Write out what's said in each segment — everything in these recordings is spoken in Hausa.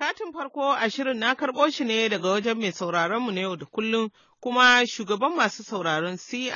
Katin farko a shirin na karɓo shi ne daga wajen mai sauraronmu na yau da kullum kuma shugaban masu sauraron CRI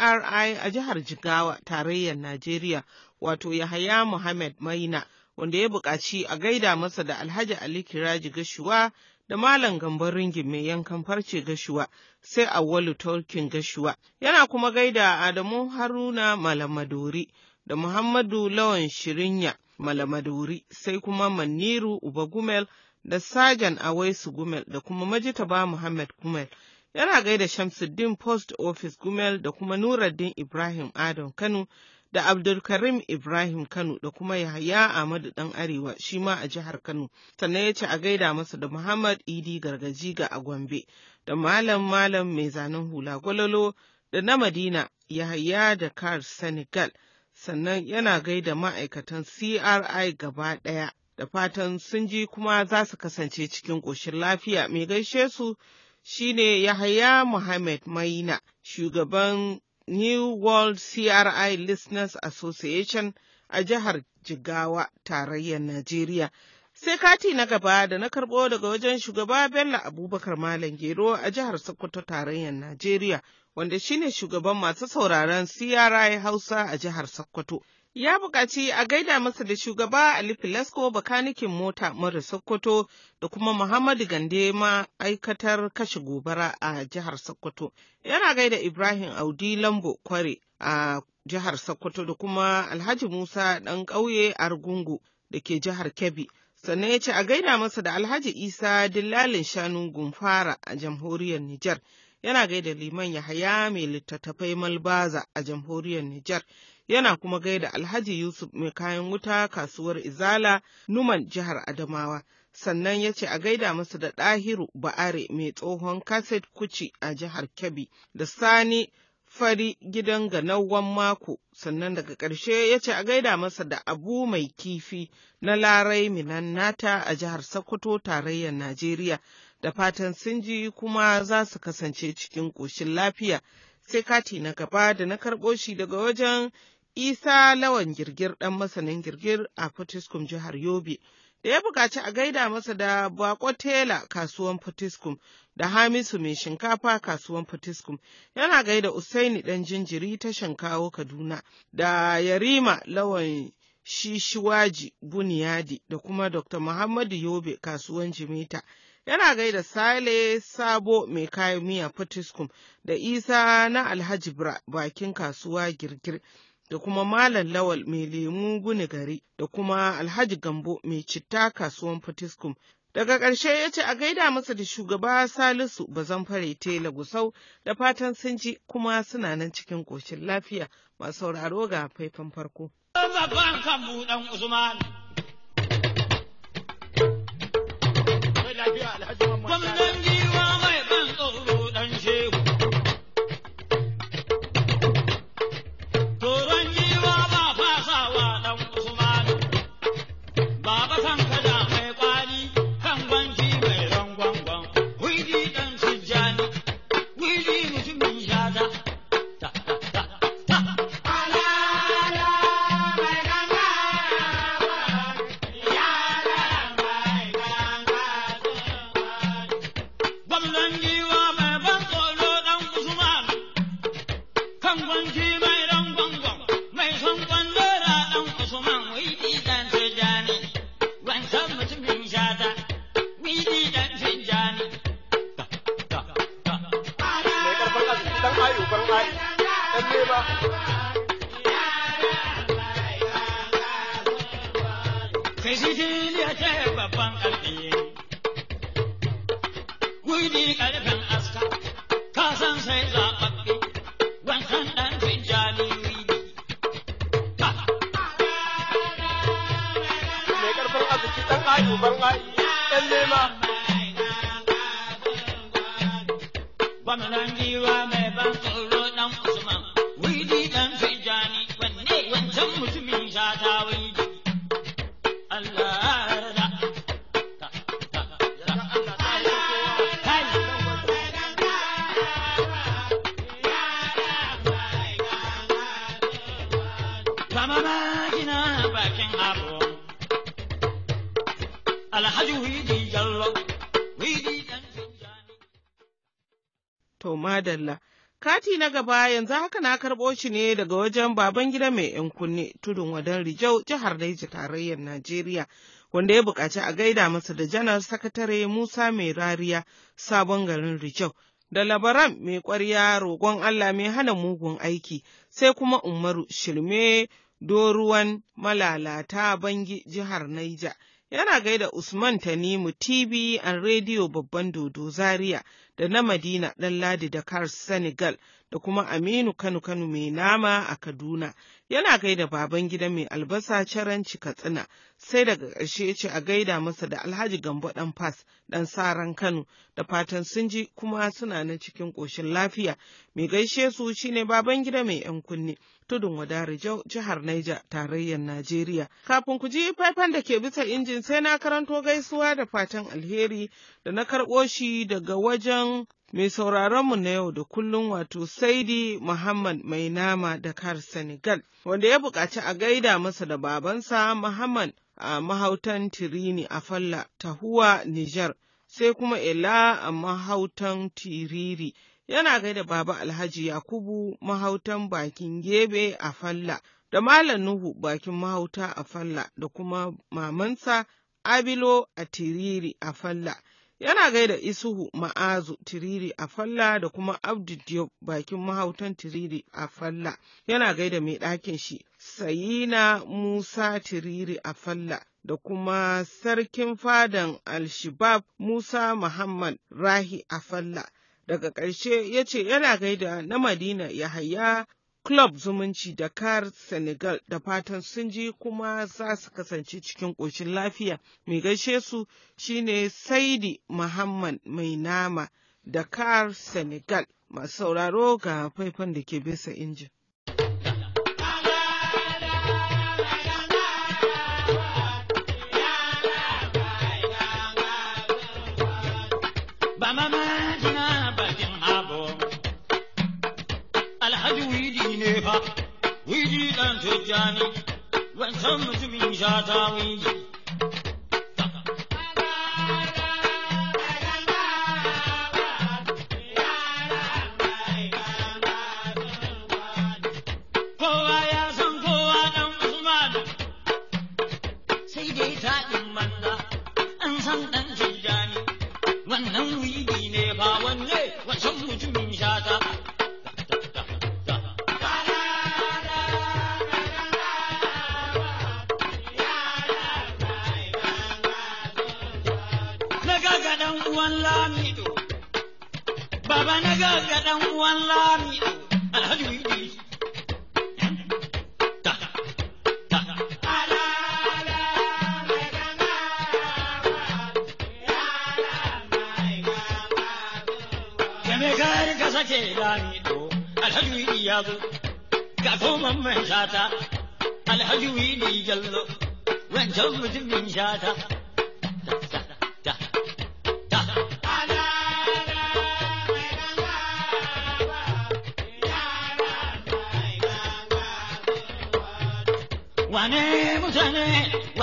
a jihar Jigawa tarayyar Najeriya wato Yahaya Muhammad Maina wanda ya buƙaci a gaida masa da Alhaji Ali Kiraji Gashuwa da Malam Gambar Ringin mai yankan farce Gashuwa sai Awwalu Tolkien Gashuwa yana kuma gaida Adamu Haruna Malamadori da Muhammadu Lawan Shirinya Malamadori sai kuma Maniru Gumel. da Sajan Awaisu Gumel da kuma Majitaba Muhammad Gumel. Yana gaida Shamsuddin Post Office Gumel da kuma Nuraddin Ibrahim Adam Kano da Abdulkarim Ibrahim Kano da kuma Yahaya Ahmadu Dan Arewa shi ma a jihar Kano. Sannan ya ce a gaida masa da Muhammad Idi Gargaji ga a Gombe da Malam Malam mai zanen hula gwalolo da na Madina Yahaya da Kar Senegal. Sannan yana gaida ma'aikatan CRI gaba ɗaya da fatan sun ji kuma za su kasance cikin ƙoshin lafiya mai gaishe su shine Yahaya Muhammad Maina, shugaban New World CRI Listeners Association a jihar Jigawa, tarayyar Najeriya. Sai kati na gaba da na karɓo daga wajen shugaba Bello Abubakar Malam Gero a jihar Sokoto tarayyar Najeriya, wanda shine shugaban masu sauraron CRI Hausa a jihar Sokoto. ya buƙaci a gaida masa da shugaba Ali Filasko bakanikin mota mara Sokoto da kuma Muhammadu Gande ma aikatar kashe gobara a jihar Sokoto. Yana gaida Ibrahim Audi Lambo Kware a jihar Sokoto da kuma Alhaji Musa ɗan ƙauye a Argungu da ke jihar Kebbi. Sannan ya ce a gaida masa da Alhaji Isa Dillalin Shanu Gumfara a jamhuriyar Nijar. Yana gaida Liman Yahaya mai littattafai Malbaza a jamhuriyar Nijar. yana kuma gaida Alhaji Yusuf mai kayan wuta kasuwar Izala Numan jihar Adamawa. Sannan ya ce a gaida masa da ɗahiru ba'are mai tsohon kaset kuci a jihar Kebbi da Sani fari gidan ganawan mako sannan daga ƙarshe ya ce a gaida masa da abu mai kifi na larai minan nata a jihar Sokoto tarayyar Najeriya da fatan sun ji kuma za su kasance cikin ƙoshin lafiya sai kati na gaba da na karɓo shi daga wajen Isa Lawan Girgir ɗan masanin girgir a fotiskum jihar Yobe, da ya buƙaci a gaida masa da Bako Tela kasuwan Fatiskum da Hamisu mai shinkafa kasuwan fotiskum yana gaida Usaini ɗan jinjiri ta shankawo Kaduna da Yarima Lawan Shishiwaji Buniyadi da kuma Dr. Muhammadu Yobe kasuwan Jimeta. yana gaida Sale Sabo mai kayan miya fotiskum da Isa na Alhaji bakin kasuwa girgir da kuma Malam Lawal mai lemu guni gari da kuma Alhaji Gambo mai citta kasuwan Fatiskum. Daga ƙarshe ya ce a gaida masa da shugaba Salisu fare Tela Gusau da fatan sun ji kuma suna nan cikin ƙoshin lafiya masu sauraro ga faifan farko. Gwamnan これは。Labari na gaba yanzu haka na karɓo shi ne daga wajen baban gida mai 'yan kunne tudun wadan Rijau jihar Daji tarayyar Najeriya wanda ya buƙaci a gaida masa da janar sakatare Musa mai rariya sabon garin Rijau da labaran mai ƙwarya roƙon Allah mai hana mugun aiki sai kuma Umaru Shirme Doruwan malalata bangi jihar Naija. Yana gaida Usman Tanimu TV and Radio Babban Dodo Zaria da na Madina ɗan Ladi Dakar Senegal da kuma Aminu Kano Kano mai nama a Kaduna. Yana gaida baban gida mai albasa caranci Katsina sai daga ƙarshe ce a gaida masa da Alhaji Gambo ɗan Fas ɗan Saran Kano da fatan sun ji kuma suna na cikin ƙoshin lafiya. Mai gaishe su shine baban gida mai 'yan kunne. tudun wadari jihar Niger tarayyar Najeriya. Kafin ku ji faifan da ke bisa injin sai na karanto gaisuwa da fatan alheri da na karɓo shi daga wajen sunan mai sauraronmu na yau da kullum wato Saidi Muhammad mai nama da kar Senegal, wanda ya buƙaci a gaida masa da babansa Muhammad a mahautan Tirini a Falla, Tahuwa, Nijar, sai kuma Ela a mahautan Tiriri. Yana gaida Baba Alhaji Yakubu mahautan bakin gebe a Falla, da Malam Nuhu bakin mahauta a Falla, da kuma mamansa Abilo a Tiriri a Falla. Yana gaida Isuhu Ma'azu Tiriri a Falla da kuma Abdu Diop bakin mahautan Tiriri a Falla. Yana gaida mai ɗakin shi Sayina Musa Tiriri a Falla da kuma Sarkin Fadan Alshabab Musa Muhammad Rahi a Falla. Daga ƙarshe ya ce yana gaida na Madina haya. Club Zumunci Dakar Senegal da fatan sun ji kuma za su kasance cikin ƙoshin lafiya. Mai gaishe su shine Saidi Muhammad Mai Nama Dakar Senegal. Masu sauraro ga faifan da ke bisa injin. تجاني وانسمت من شاتاوي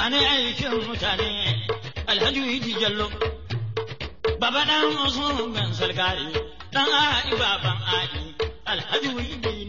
Bani aikin mutane Alhaji Wiji Jallo. Baba ɗan musu ben salgari, ɗan a'i baban a'i, Alhaji Wiji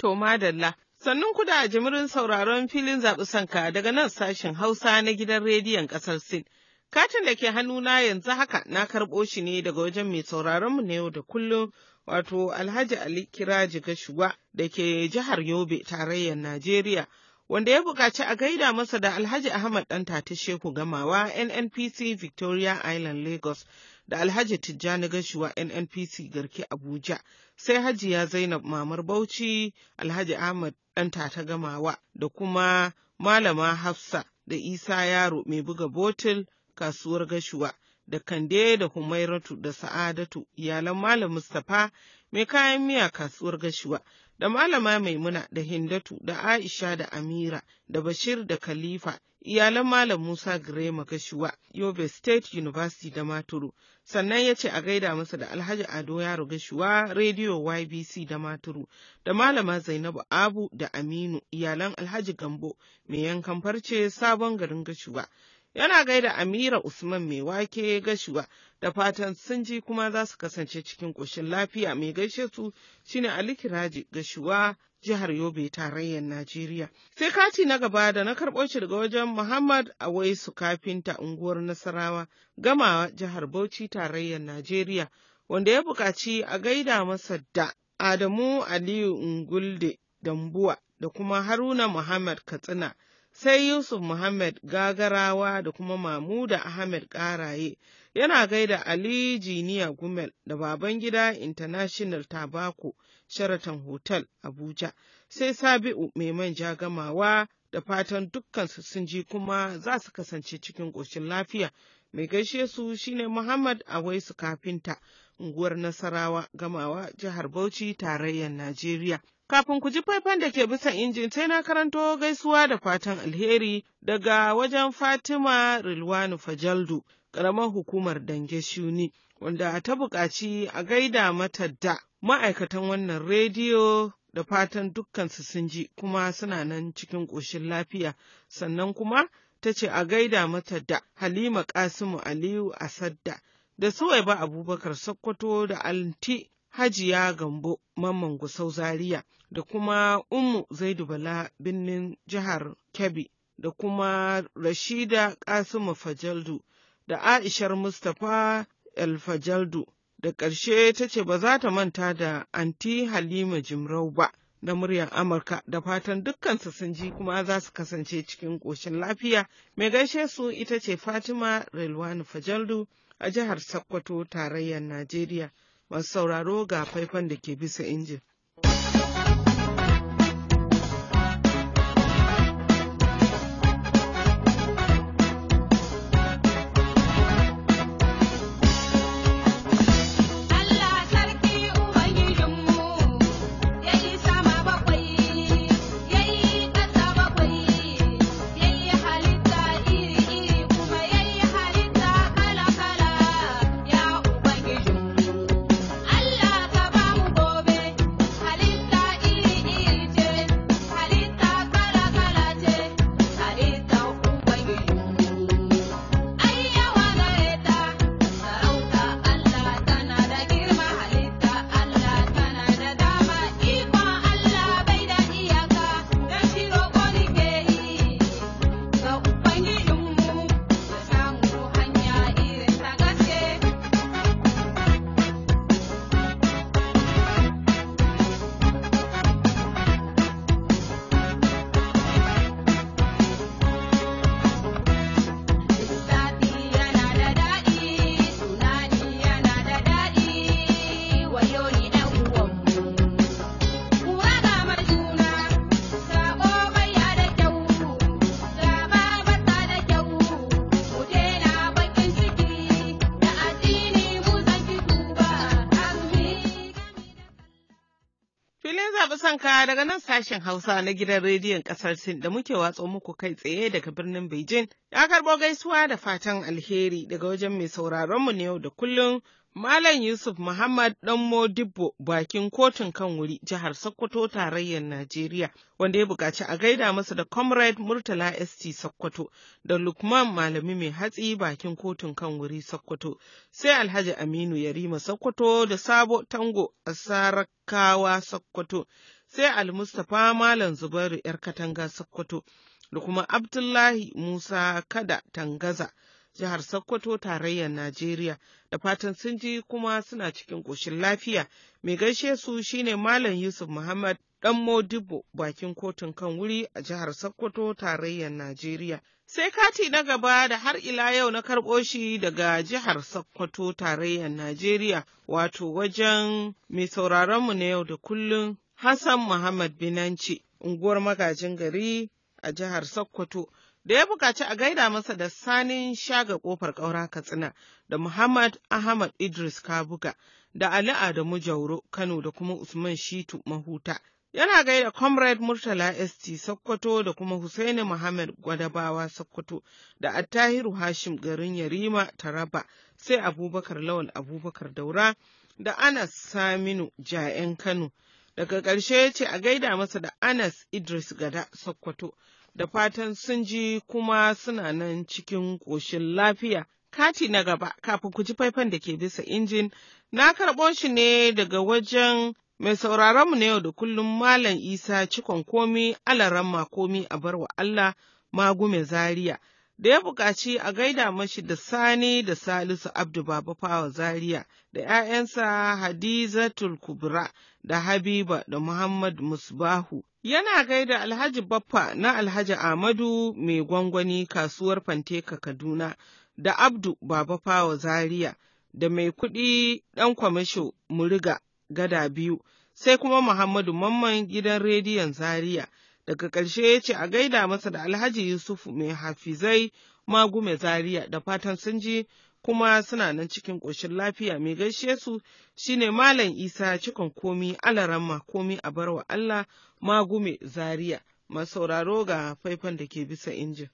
To madalla. Sannun ku da jimirin sauraron filin zaɓi sanka daga nan sashen Hausa na gidan rediyon ƙasar Sin. Katin da ke hannuna yanzu haka na karɓo shi ne daga wajen mai sauraron mu na yau da kullum wato Alhaji Ali Kiraji Gashuwa da ke jihar Yobe tarayyar Najeriya. Wanda ya buƙaci a gaida masa da Alhaji Ahmad Ɗanta ta Shehu Gamawa NNPC Victoria Island Lagos da Alhaji Tijjani Gashuwa NNPC Garki Abuja, sai Hajiya Zainab Mamar Bauchi, Alhaji Ahmad Ɗanta ta Gamawa da kuma Malama Hafsa da Isa Yaro mai buga botul kasuwar Gashuwa. da Kande da Humairatu da Sa'adatu iyalan Malam Mustapha mai kayan miya kasuwar gashuwa da malama maimuna da hindatu da aisha da amira da bashir da khalifa iyalan malam musa girema gashuwa yobe state university da maturu sannan ya ce a gaida masa da alhaji ado yaro gashuwa rediyo ybc da maturu da malama zainabu abu da aminu iyalan alhaji gambo mai yankan farce sabon garin gashuwa Yana gaida Amira Usman mai wake gashuwa da fatan sun ji kuma za su kasance cikin ƙoshin lafiya mai gaishe su shine Ali Kiraji gashuwa jihar Yobe tarayyar Najeriya. Sai kati na gaba da na karɓo shi daga wajen Muhammad su kafinta unguwar Nasarawa gamawa jihar Bauchi tarayyar Najeriya wanda ya buƙaci a gaida masa da Adamu Aliyu Ngulde Dambuwa da kuma Haruna Muhammad Katsina sai Yusuf Muhammad Gagarawa da kuma Mamuda Ahmed Karaye yana gaida Ali Jiniya Gumel da Babangida International Tabako Sheraton Hotel Abuja, sai Sabi'u mai manja gamawa da fatan dukkansu sun ji kuma za su kasance cikin ƙoshin lafiya. Mai gaishe su shine Muhammad Awaisu Kafinta, unguwar Nasarawa, gamawa jihar Bauchi, tarayyar Najeriya. Kafin ku ji faifan da ke bisa injin sai na karanto gaisuwa da fatan alheri daga wajen Fatima Rilwanu Fajaldu, ƙaramar hukumar Dange Shuni, wanda ta buƙaci a gaida mata da ma'aikatan wannan rediyo da fatan dukkansu sun ji kuma suna nan cikin ƙoshin lafiya, sannan kuma ta ce a gaida mata da Halima Kasimu Aliyu Asadda da ba Abubakar Sokoto da alti Hajiya Gambo Mamman Gusau Zaria da kuma Ummu Zaidu Bala binnin jihar Kebbi da kuma Rashida Kasimu Fajaldu da Aishar Mustapha El Fajaldu da ƙarshe ta ce ba za ta manta da anti Halima Jimrau ba na muryar Amurka da fatan dukkansu sun ji kuma za su kasance cikin ƙoshin lafiya. Mai gaishe su ita ce Fatima Relwani Fajaldu a jihar Sokoto tarayyar Najeriya. Masu sauraro ga faifan da ke bisa injin. daga nan sashen Hausa na gidan rediyon ƙasar Sin da muke watsa muku kai tsaye daga birnin Beijing. Ya karɓo gaisuwa da fatan alheri daga wajen mai sauraronmu na yau da kullum Malam Yusuf Muhammad ɗan Modibbo bakin kotun kan wuri jihar Sokoto tarayyar Najeriya wanda ya buƙaci a gaida masa da Comrade Murtala ST Sokoto da Lukman Malami mai hatsi bakin kotun kan wuri Sokoto sai Alhaji Aminu Yarima Sokoto da Sabo Tango a Sarakawa Sokoto sai Mustapha, Malam Zubairu ‘yar Katanga Sokoto da kuma Abdullahi Musa Kada Tangaza, jihar Sokoto tarayyar Najeriya, da fatan sun ji kuma suna cikin ƙoshin lafiya. Mai gaishe su shine Malam Yusuf Muhammad ɗan Modibo bakin kotun kan wuri a jihar Sokoto tarayyar Najeriya. Sai kati na gaba da har ila yau na karɓo shi daga jihar Sokoto tarayyar Najeriya wato wajen mai sauraronmu na yau da kullum Hassan Muhammad Binanci, unguwar magajin gari a jihar Sokoto, da ya bukaci a gaida masa da sanin shaga ƙofar ƙaura Katsina da Muhammad Ahmad Idris Kabuga da Ali Adamu Jauro Kano da kuma Usman Shitu Mahuta. Yana gaida Comrade Murtala ST Sokoto da kuma Husaini Muhammad Gwadabawa Sokoto da Attahiru Hashim garin Yarima Taraba sai Abubakar Lawal Abubakar Daura da Anas Saminu Ja'en Kano Daga ƙarshe ya ce a gaida masa da Anas Idris Gada Sokoto, da fatan sun ji kuma suna nan cikin ƙoshin lafiya. Kati na gaba kafin ku ji faifan da ke bisa injin, na karɓo shi ne daga wajen mai sauraronmu na yau da kullum Malam Isa cikon komi alaran komi, a barwa Allah magume zariya da ya buƙaci a gaida mashi da Sani da Salisu Abdu Baba Zaria da ‘ya'yansa Hadizatul Kubra da Habiba da Muhammad Musbahu. Yana gaida Alhaji Baffa na Alhaji Amadu mai gwangwani kasuwar Fanteka Kaduna da Abdu Babafawa Zaria da mai kuɗi ɗan kwamisho Muriga gada biyu, sai kuma Muhammadu Mamman gidan rediyon Zaria. daga ƙarshe ya ce a gaida masa da alhaji yusuf mai hafizai magume zaria da fatan sun ji kuma suna nan cikin ƙoshin lafiya mai gaishe su shine malam isa cikon komi alarama komi a barwa allah magume zaria masauraro ga faifan da ke bisa injin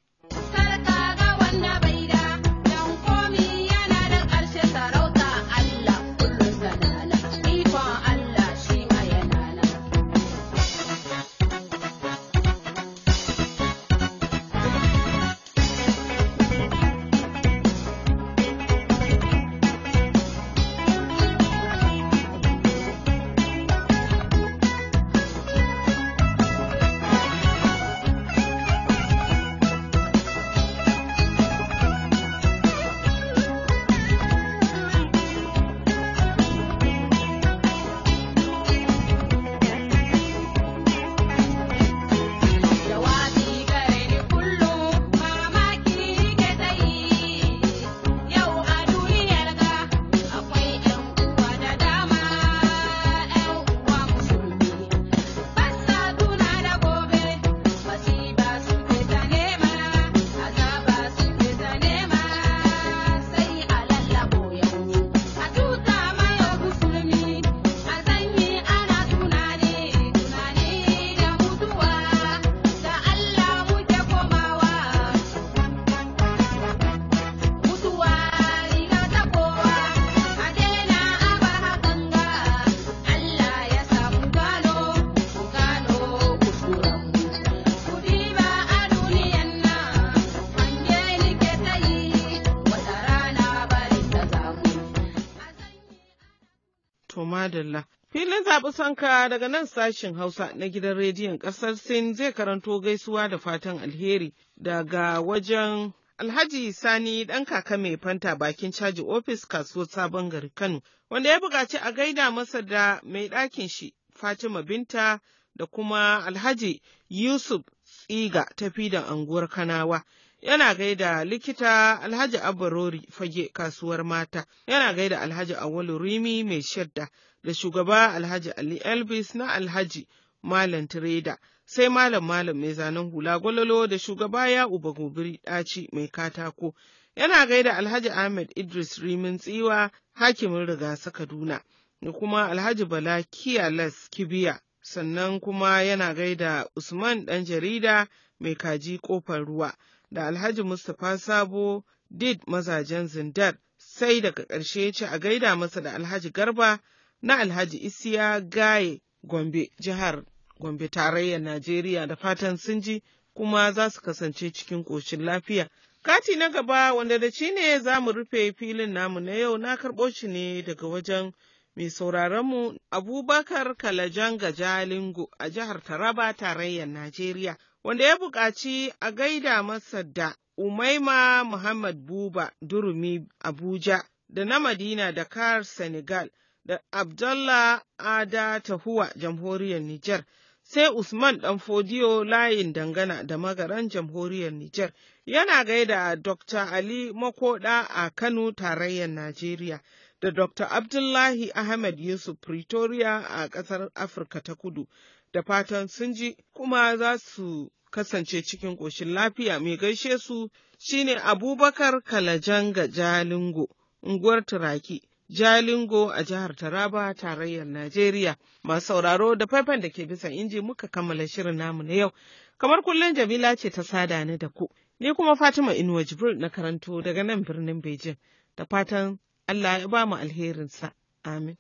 zaɓi sanka daga nan sashen Hausa na gidan rediyon ƙasar Sin zai karanto gaisuwa da fatan alheri daga wajen Alhaji Sani ɗan kaka mai fanta bakin caji ofis kasuwar sabon gari Kano, wanda ya buƙaci a gaida masa da mai ɗakin shi Fatima Binta da kuma Alhaji Yusuf Tsiga ta fidan anguwar Kanawa. yana gaida likita Alhaji Abarori fage kasuwar mata, yana gaida Alhaji Awalu Rimi mai shadda da shugaba Alhaji Ali Elvis na Alhaji Malam Tireda, sai Malam Malam mai zanen hula gwalolo da shugaba ya uba gobiri ɗaci mai katako. Yana gaida Alhaji Ahmed Idris Rimin Tsiwa hakimin riga rigasa Kaduna, da kuma Alhaji Bala Kiyalas Kibiya, sannan kuma yana gaida Usman ɗan jarida mai kaji ƙofar ruwa. da Alhaji Mustapha Sabo did mazajen zindar sai daga ƙarshe ya ci a gaida masa da Alhaji Garba na Alhaji Isiya Gaye Gombe jihar Gombe tarayyar Najeriya da fatan sun ji kuma za su kasance cikin ƙoshin lafiya. Kati na gaba wanda da shi ne za mu rufe filin namu na yau na karɓo shi ne daga wajen mai sauraronmu Abubakar Kalajan Gajalingo a jihar Taraba tarayyar Najeriya. wanda ya buƙaci a gaida masa da Umaima Muhammad Buba Durumi Abuja da na Madina da kar Senegal da Abdallah Ada Tahuwa Jamhuriyar Nijar. sai Usman Danfodiyo layin dangana da magaran jamhuriyar Nijar yana gaida Dr. Ali Makoda a Kano tarayyar Najeriya da Dr. Abdullahi Ahmed Yusuf Pretoria a ƙasar Afirka ta Kudu da fatan sun ji kuma za su kasance cikin ƙoshin lafiya mai gaishe su shine abubakar kalajanga jalingo unguwar turaki jalingo a jihar taraba tarayyar najeriya masu sauraro da faifan da ke bisa inji muka kammala shirin namu na yau kamar kullum jamila ce ta sada ni da ku ni kuma fatima inuwa jibril na karanto daga nan birnin beijing da fatan allah ya ba mu alherinsa amin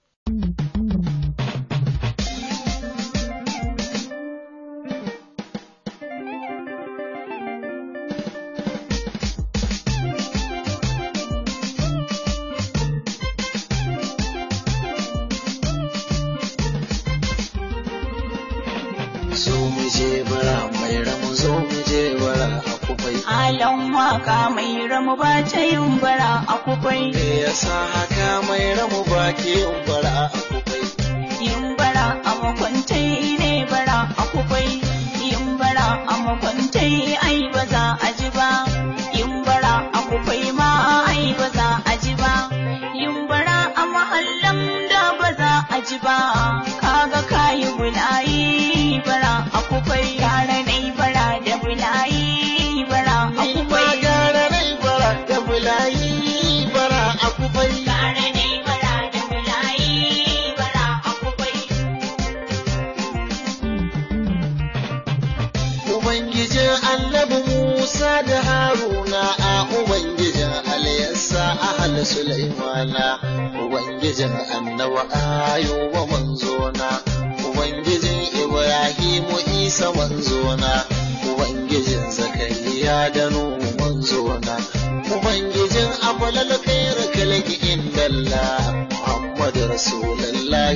haka mai ramu ba ce umbara a kufai. Me yasa haka mai ramu ba ke umbara a kufai. Yin a makwantai ne.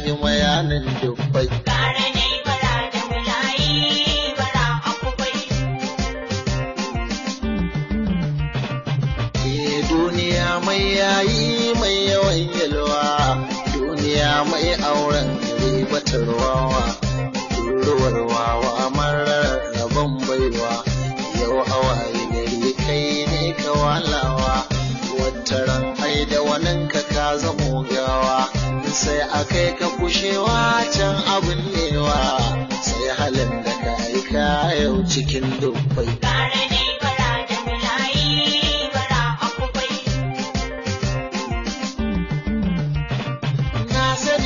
yi bayanin duk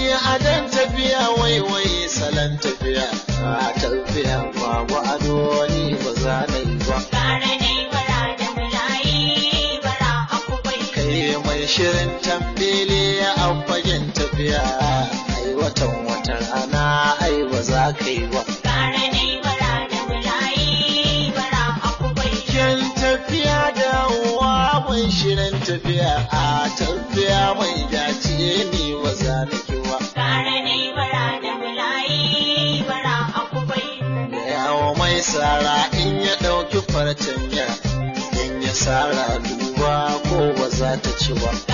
tafiya dan tafiya waiwai salon tafiya a tafiya babu ado ni ba za na yi ba kai mai shirin tambele a fagen tafiya ai watan wata ana ai ba za ka yi ba sara in ya ɗauki farcen ya in ya sara duba ko ba za ta ci ba.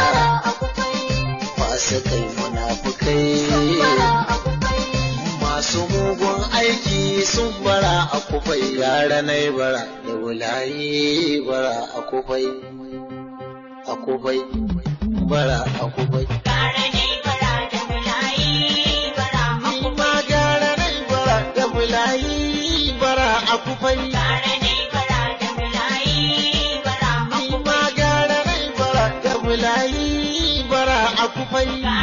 kai munafukai masu mugun aiki sun bara a kufai yara na bara da wulayi bara a kufai a kufai bara a kufai gara fai